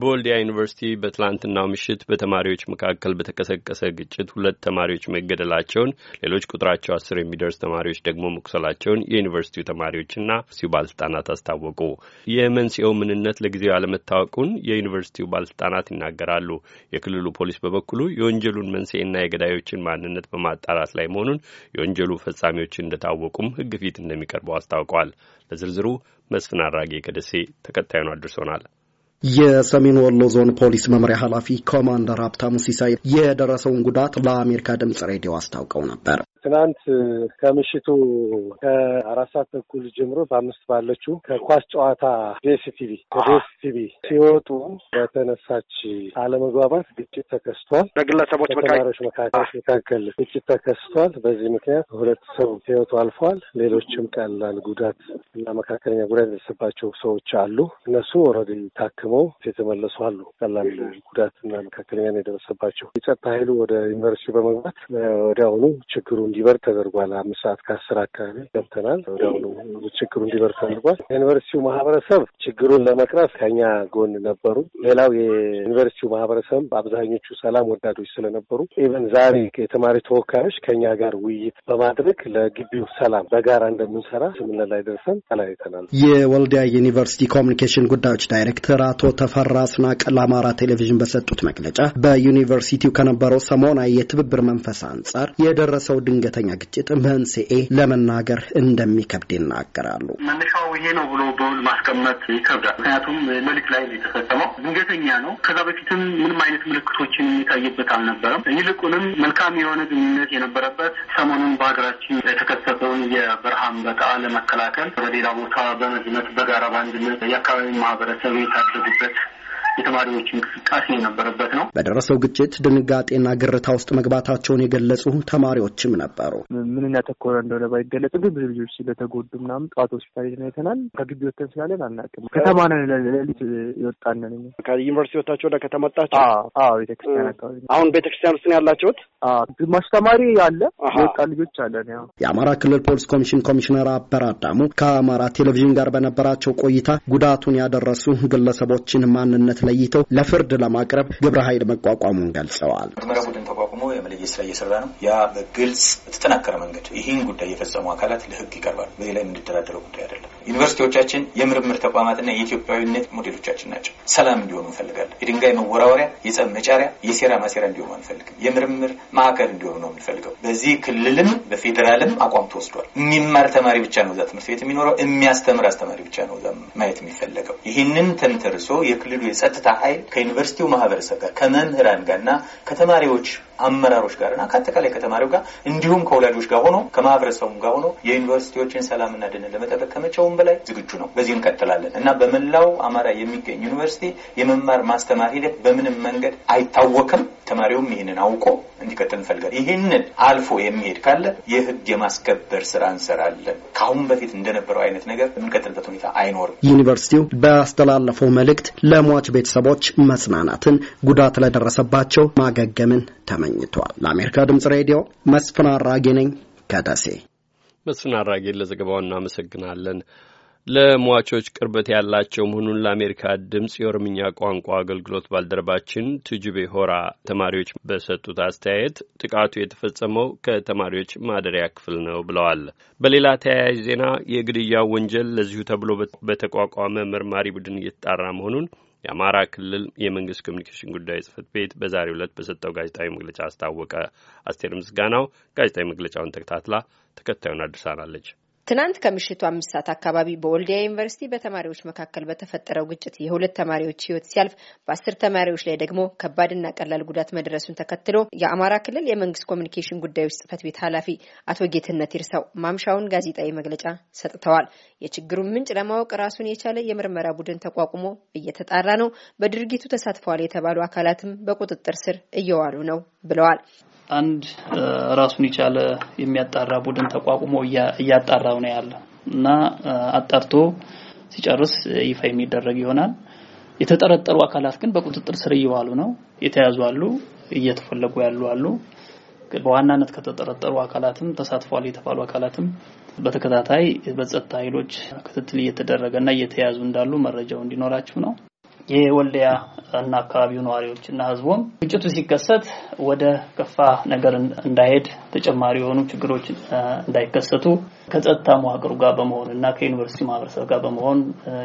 በወልዲያ ዩኒቨርሲቲ በትላንትናው ምሽት በተማሪዎች መካከል በተቀሰቀሰ ግጭት ሁለት ተማሪዎች መገደላቸውን፣ ሌሎች ቁጥራቸው አስር የሚደርስ ተማሪዎች ደግሞ መቁሰላቸውን የዩኒቨርሲቲው ተማሪዎችና ሲው ባለስልጣናት አስታወቁ። የመንስኤው ምንነት ለጊዜው ያለመታወቁን የዩኒቨርሲቲው ባለስልጣናት ይናገራሉ። የክልሉ ፖሊስ በበኩሉ የወንጀሉን መንስኤና የገዳዮችን ማንነት በማጣራት ላይ መሆኑን፣ የወንጀሉ ፈጻሚዎች እንደታወቁም ሕግ ፊት እንደሚቀርበው አስታውቋል። ለዝርዝሩ መስፍን አራጌ ከደሴ ተከታዩን አድርሶናል። የሰሜን ወሎ ዞን ፖሊስ መምሪያ ኃላፊ ኮማንደር ሀብታሙ ሲሳይ የደረሰውን ጉዳት ለአሜሪካ ድምፅ ሬዲዮ አስታውቀው ነበር። ትናንት ከምሽቱ ከአራት ሰዓት ተኩል ጀምሮ በአምስት ባለችው ከኳስ ጨዋታ ዴስቲቪ ከዴስቲቪ ሲወጡ በተነሳች አለመግባባት ግጭት ተከስቷል። በግለሰቦች ተማሪዎች መካከል ግጭት ተከስቷል። በዚህ ምክንያት ሁለት ሰው ሕይወቱ አልፏል። ሌሎችም ቀላል ጉዳት እና መካከለኛ ጉዳት የደረሰባቸው ሰዎች አሉ። እነሱ ኦልሬዲ ታክመው የተመለሱ አሉ። ቀላል ጉዳት እና መካከለኛ የደረሰባቸው የጸጥታ ኃይሉ ወደ ዩኒቨርሲቲ በመግባት ወዲያውኑ ችግሩ እንዲበር ተደርጓል። አምስት ሰዓት ከአስር አካባቢ ገብተናል። ወዲያውኑ ችግሩ እንዲበር ተደርጓል። ዩኒቨርሲቲው ማህበረሰብ ችግሩን ለመቅረፍ ከኛ ጎን ነበሩ። ሌላው የዩኒቨርሲቲው ማህበረሰብ አብዛኞቹ ሰላም ወዳዶች ስለነበሩ ኢቨን ዛሬ የተማሪ ተወካዮች ከኛ ጋር ውይይት በማድረግ ለግቢው ሰላም በጋራ እንደምንሰራ ስምምነት ላይ ደርሰን ተለያይተናል። የወልዲያ ዩኒቨርሲቲ ኮሚኒኬሽን ጉዳዮች ዳይሬክተር አቶ ተፈራ አስናቀ ለአማራ ቴሌቪዥን በሰጡት መግለጫ በዩኒቨርሲቲው ከነበረው ሰሞናዊ የትብብር መንፈስ አንጻር የደረሰው ድን ድንገተኛ ግጭት መንስኤ ለመናገር እንደሚከብድ ይናገራሉ። መነሻው ይሄ ነው ብሎ በውል ማስቀመጥ ይከብዳል። ምክንያቱም መልክ ላይ የተፈጸመው ድንገተኛ ነው። ከዛ በፊትም ምንም አይነት ምልክቶችን የሚታይበት አልነበረም። ይልቁንም መልካም የሆነ ግንኙነት የነበረበት ሰሞኑን በሀገራችን የተከሰተውን የበረሃ አንበጣ ለመከላከል በሌላ ቦታ በመዝመት በጋራ በአንድነት የአካባቢ ማህበረሰብ የታደጉበት የተማሪዎች እንቅስቃሴ የነበረበት ነው። በደረሰው ግጭት ድንጋጤና ግርታ ውስጥ መግባታቸውን የገለጹ ተማሪዎችም ነበሩ። ምን ያተኮረ እንደሆነ ባይገለጽ ግን ብዙ ልጆች ስለተጎዱ ምናምን ጠዋት ሆስፒታል ሄደን አይተናል። ከግቢ ወተን ስላለን አናውቅም። ከተማ ነን፣ ሌሊት የወጣንን ከዩኒቨርሲቲ ወታቸው ወደ ከተማ ቤተክርስቲያን አካባቢ። አሁን ቤተክርስቲያን ውስጥ ያላቸውት ግማሽ ተማሪ አለ የወጣ ልጆች አለን። ያው የአማራ ክልል ፖሊስ ኮሚሽን ኮሚሽነር አበር አዳሙ ከአማራ ቴሌቪዥን ጋር በነበራቸው ቆይታ ጉዳቱን ያደረሱ ግለሰቦችን ማንነት ለይተው ለፍርድ ለማቅረብ ግብረ ኃይል መቋቋሙን ገልጸዋል። የመለየት ስራ እየሰራ ነው። ያ በግልጽ በተጠናከረ መንገድ ይህን ጉዳይ የፈጸሙ አካላት ለህግ ይቀርባሉ። በዚህ ላይ የምንደራደረው ጉዳይ አይደለም። ዩኒቨርሲቲዎቻችን የምርምር ተቋማትና የኢትዮጵያዊነት ሞዴሎቻችን ናቸው። ሰላም እንዲሆኑ እንፈልጋለን። የድንጋይ መወራወሪያ፣ የጸብ መጫሪያ፣ የሴራ ማሴራ እንዲሆኑ አንፈልግም። የምርምር ማዕከል እንዲሆኑ ነው የምንፈልገው። በዚህ ክልልም በፌዴራልም አቋም ተወስዷል። የሚማር ተማሪ ብቻ ነው እዛ ትምህርት ቤት የሚኖረው፣ የሚያስተምር አስተማሪ ብቻ ነው እዛ ማየት የሚፈለገው። ይህንን ተንተርሶ የክልሉ የጸጥታ ኃይል ከዩኒቨርሲቲው ማህበረሰብ ጋር ከመምህራን ጋርና ከተማሪዎች አመራሮች ጋር እና ከአጠቃላይ ከተማሪው ጋር እንዲሁም ከወላጆች ጋር ሆኖ ከማህበረሰቡ ጋር ሆኖ የዩኒቨርሲቲዎችን ሰላምና ደህንነት ለመጠበቅ ከመቼውም በላይ ዝግጁ ነው። በዚህ እንቀጥላለን እና በመላው አማራ የሚገኝ ዩኒቨርሲቲ የመማር ማስተማር ሂደት በምንም መንገድ አይታወክም። ተማሪውም ይህንን አውቆ እንዲቀጥል እንፈልጋለን። ይህንን አልፎ የሚሄድ ካለ የህግ የማስከበር ስራ እንሰራለን። ከአሁን በፊት እንደነበረው አይነት ነገር የምንቀጥልበት ሁኔታ አይኖርም። ዩኒቨርሲቲው ባስተላለፈው መልእክት ለሟች ቤተሰቦች መጽናናትን፣ ጉዳት ለደረሰባቸው ማገገምን ተመኝቷል። ለአሜሪካ ድምጽ ሬዲዮ መስፍን አራጌ ነኝ ከደሴ። መስፍን አራጌን ለዘገባው እናመሰግናለን። ለሟቾች ቅርበት ያላቸው መሆኑን ለአሜሪካ ድምፅ የኦሮምኛ ቋንቋ አገልግሎት ባልደረባችን ትጅቤ ሆራ ተማሪዎች በሰጡት አስተያየት ጥቃቱ የተፈጸመው ከተማሪዎች ማደሪያ ክፍል ነው ብለዋል። በሌላ ተያያዥ ዜና የግድያው ወንጀል ለዚሁ ተብሎ በተቋቋመ መርማሪ ቡድን እየተጣራ መሆኑን የአማራ ክልል የመንግስት ኮሚኒኬሽን ጉዳይ ጽህፈት ቤት በዛሬው ዕለት በሰጠው ጋዜጣዊ መግለጫ አስታወቀ። አስቴር ምስጋናው ጋዜጣዊ መግለጫውን ተከታትላ ተከታዩን አድርሳናለች። ትናንት ከምሽቱ አምስት ሰዓት አካባቢ በወልዲያ ዩኒቨርሲቲ በተማሪዎች መካከል በተፈጠረው ግጭት የሁለት ተማሪዎች ሕይወት ሲያልፍ በአስር ተማሪዎች ላይ ደግሞ ከባድና ቀላል ጉዳት መድረሱን ተከትሎ የአማራ ክልል የመንግስት ኮሚኒኬሽን ጉዳዮች ጽህፈት ቤት ኃላፊ አቶ ጌትነት ይርሳው ማምሻውን ጋዜጣዊ መግለጫ ሰጥተዋል። የችግሩን ምንጭ ለማወቅ ራሱን የቻለ የምርመራ ቡድን ተቋቁሞ እየተጣራ ነው፣ በድርጊቱ ተሳትፈዋል የተባሉ አካላትም በቁጥጥር ስር እየዋሉ ነው ብለዋል። አንድ ራሱን የቻለ የሚያጣራ ቡድን ተቋቁሞ እያጣራው ነው ያለ እና አጣርቶ ሲጨርስ ይፋ የሚደረግ ይሆናል። የተጠረጠሩ አካላት ግን በቁጥጥር ስር እየዋሉ ነው። የተያዙ አሉ፣ እየተፈለጉ ያሉ አሉ። በዋናነት ከተጠረጠሩ አካላትም ተሳትፏል የተባሉ አካላትም በተከታታይ በጸጥታ ኃይሎች ክትትል እየተደረገ እና እየተያዙ እንዳሉ መረጃው እንዲኖራችሁ ነው። የወልዲያ እና አካባቢው እና ህዝቡም ግጭቱ ሲከሰት ወደ ከፋ ነገር እንዳይሄድ ተጨማሪ የሆኑ ችግሮች እንዳይከሰቱ ከጸጥታ መዋቅሩ ጋር በመሆን እና ከዩኒቨርሲቲ ማህበረሰብ ጋር በመሆን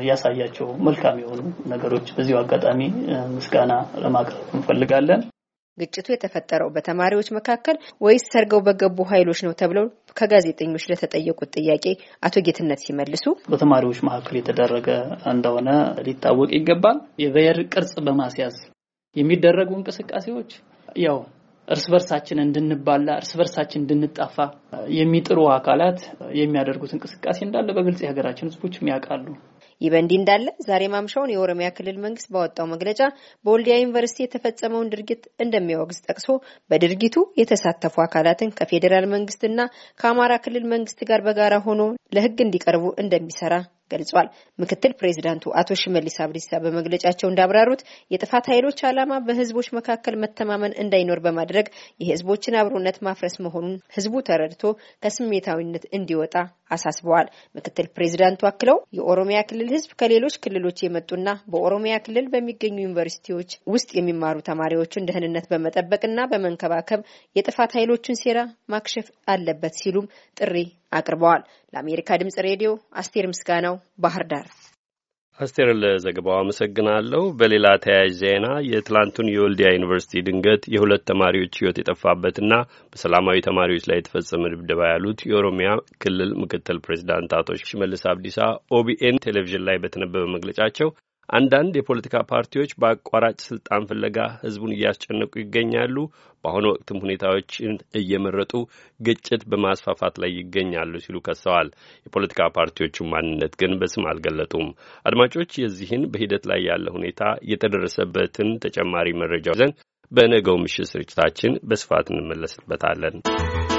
ያሳያቸው መልካም የሆኑ ነገሮች በዚሁ አጋጣሚ ምስጋና ለማቅረብ እንፈልጋለን። ግጭቱ የተፈጠረው በተማሪዎች መካከል ወይስ ሰርገው በገቡ ኃይሎች ነው ተብለው ከጋዜጠኞች ለተጠየቁት ጥያቄ አቶ ጌትነት ሲመልሱ በተማሪዎች መካከል የተደረገ እንደሆነ ሊታወቅ ይገባል። የብሔር ቅርጽ በማስያዝ የሚደረጉ እንቅስቃሴዎች ያው እርስ በርሳችን እንድንባላ እርስ በርሳችን እንድንጣፋ የሚጥሩ አካላት የሚያደርጉት እንቅስቃሴ እንዳለ በግልጽ የሀገራችን ህዝቦች ያውቃሉ። ይህ በእንዲህ እንዳለ ዛሬ ማምሻውን የኦሮሚያ ክልል መንግስት ባወጣው መግለጫ በወልዲያ ዩኒቨርሲቲ የተፈጸመውን ድርጊት እንደሚያወግዝ ጠቅሶ በድርጊቱ የተሳተፉ አካላትን ከፌዴራል መንግስትና ከአማራ ክልል መንግስት ጋር በጋራ ሆኖ ለህግ እንዲቀርቡ እንደሚሰራ ገልጿል። ምክትል ፕሬዚዳንቱ አቶ ሽመልስ አብዲሳ በመግለጫቸው እንዳብራሩት የጥፋት ኃይሎች ዓላማ በህዝቦች መካከል መተማመን እንዳይኖር በማድረግ የህዝቦችን አብሮነት ማፍረስ መሆኑን ህዝቡ ተረድቶ ከስሜታዊነት እንዲወጣ አሳስበዋል። ምክትል ፕሬዚዳንቱ አክለው የኦሮሚያ ክልል ህዝብ ከሌሎች ክልሎች የመጡና በኦሮሚያ ክልል በሚገኙ ዩኒቨርሲቲዎች ውስጥ የሚማሩ ተማሪዎችን ደህንነት በመጠበቅና በመንከባከብ የጥፋት ኃይሎችን ሴራ ማክሸፍ አለበት ሲሉም ጥሪ አቅርበዋል። ለአሜሪካ ድምጽ ሬዲዮ አስቴር ምስጋናው ባህር ዳር። አስቴር ለዘገባው አመሰግናለሁ። በሌላ ተያያዥ ዜና የትላንቱን የወልዲያ ዩኒቨርሲቲ ድንገት የሁለት ተማሪዎች ሕይወት የጠፋበትና በሰላማዊ ተማሪዎች ላይ የተፈጸመ ድብደባ ያሉት የኦሮሚያ ክልል ምክትል ፕሬዚዳንት አቶ ሽመልስ አብዲሳ ኦቢኤን ቴሌቪዥን ላይ በተነበበ መግለጫቸው አንዳንድ የፖለቲካ ፓርቲዎች በአቋራጭ ስልጣን ፍለጋ ህዝቡን እያስጨነቁ ይገኛሉ። በአሁኑ ወቅትም ሁኔታዎችን እየመረጡ ግጭት በማስፋፋት ላይ ይገኛሉ ሲሉ ከሰዋል። የፖለቲካ ፓርቲዎቹን ማንነት ግን በስም አልገለጡም። አድማጮች፣ የዚህን በሂደት ላይ ያለ ሁኔታ የተደረሰበትን ተጨማሪ መረጃ ይዘን በነገው ምሽት ስርጭታችን በስፋት እንመለስበታለን።